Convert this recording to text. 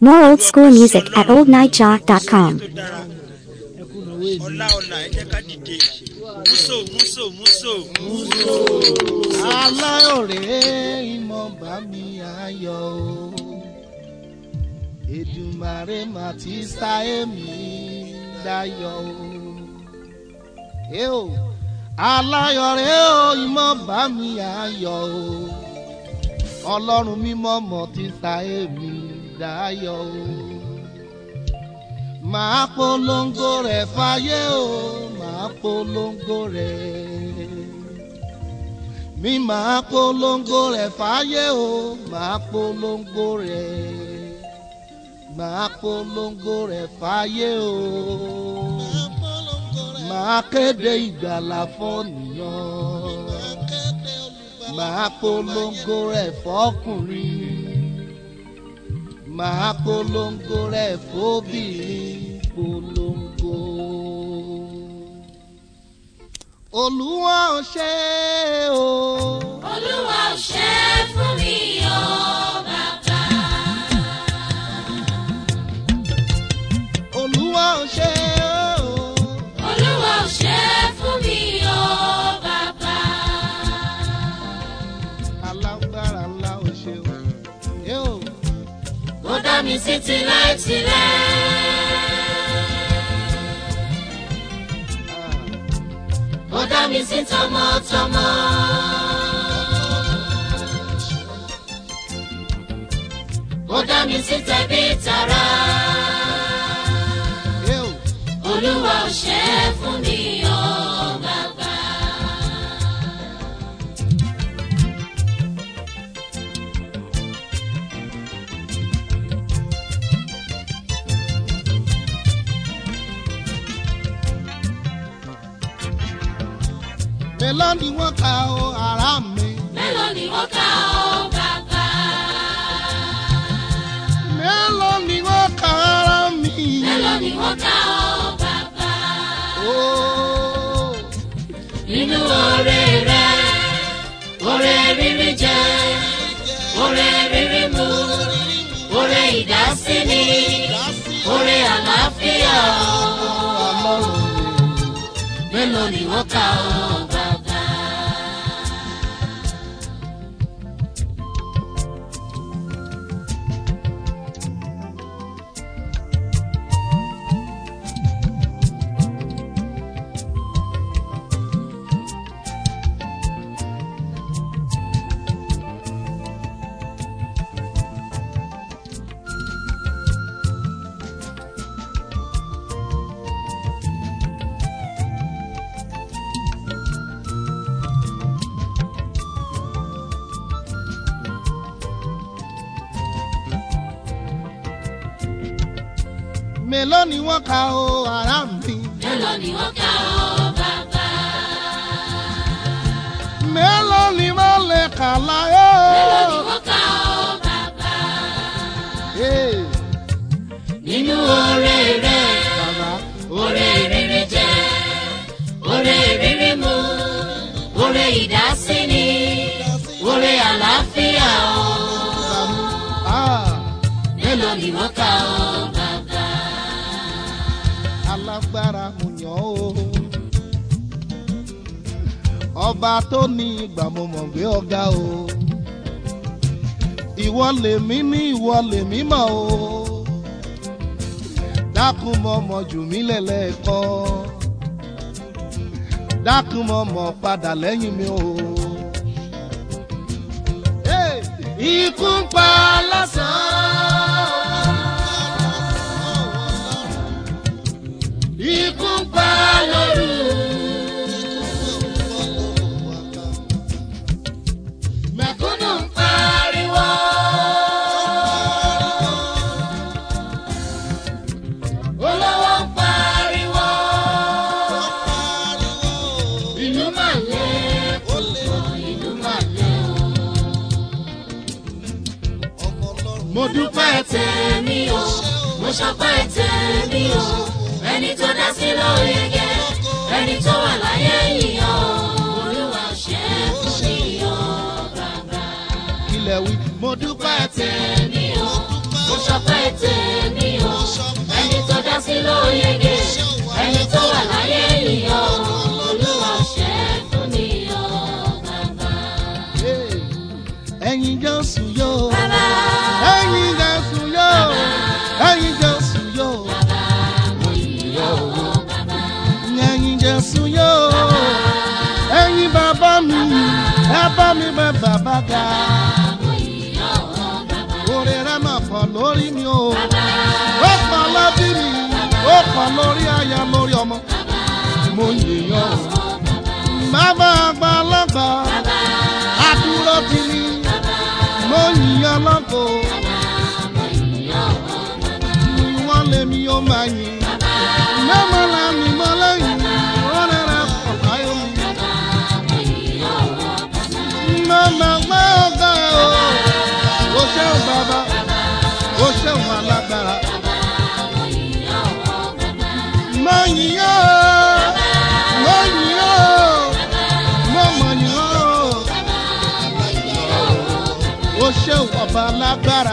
More old school music at oldnightjock.com. Èdùmàrè sá èmi dayọ̀ o ìmọ̀ bá mi ayọ̀ o. ọlọ́run mímọ́ mọ̀ ti sa èmi dáyọ̀ o màá polongo rẹ̀ fáyé o màá polongo rẹ̀ mi màá polongo rẹ̀ fáyé o màá polongo rẹ̀ màá polongo rẹ̀ fáyé o màá kéde ìgbàlà fọ́nìyàn màá polongo rẹ̀ fọkùnrin màá polongo rẹ̀ fóbìnrin polongo. Olúwa ò ṣe o. Olúwa ò ṣe fún mi o. alágbára ńlá ò ṣe o. ó dá mi sí tilétilé. ó dá mi sí tọmọtọmọ. ó dá mi sí tẹbí tara. mélòó ni wọ́n kà ó ara mi. mélòó ni wọ́n kà ó bàbá. mélòó ni wọ́n kà ara mi. mélòó ni wọ́n kà ó bàbá. inú oore rẹ oore rírí jẹ oore rírí mu oore ìdásíni oore àlàáfíà mélòó ni wọ́n kà ó. mélòó ni wọ́n kà ó ará mi. mélòó ni wọ́n kà ó bàbá. mélòó ni wọ́n lè kà láyé. mélòó ni wọ́n kà ó bàbá. nínú oore rẹ̀ oore rere jẹ́ oore rere mu oore ìdásíni oore àlàáfíà o. Ah. mélòó ni wọ́n kà ó bàbá agbára mo yàn ó. ọba tó ní ìgbà mo mọ̀ gbé ọ̀gá o. ìwọ lèmi ní ìwọ lèmi mọ̀ o. dákun mọ̀ mọ̀ jù mí lẹ́lẹ́kọ́. dákun mọ̀ mọ̀ padà lẹ́yìn mi o. ikú ń pa. ẹ̀tẹ́ mi o mo ṣọpẹ́ ẹ̀tẹ́ mi o ẹni tó dá sí lórí ẹgẹ ẹni tó wà láyé yíyọ olúwa ṣe fún mi yọ bàbá. ilẹ̀ wí mo dúpẹ́ ẹ̀tẹ́ o mo ṣọpẹ́ ẹ̀tẹ́ o ẹni tó dá sí lórí ẹgẹ. bàbá ga. Oore rẹ̀ mà pọ̀ lórí mi o. Ó pọ̀ lórí mi, ó pọ̀ lórí aya lórí ọmọ. Mo yèèyàn o. Bàbá àgbàlagbà, àdúró ti ní. Mo yìnyín ọlọ́kọ̀. Wọ́n lé mi ó máa yìn. baba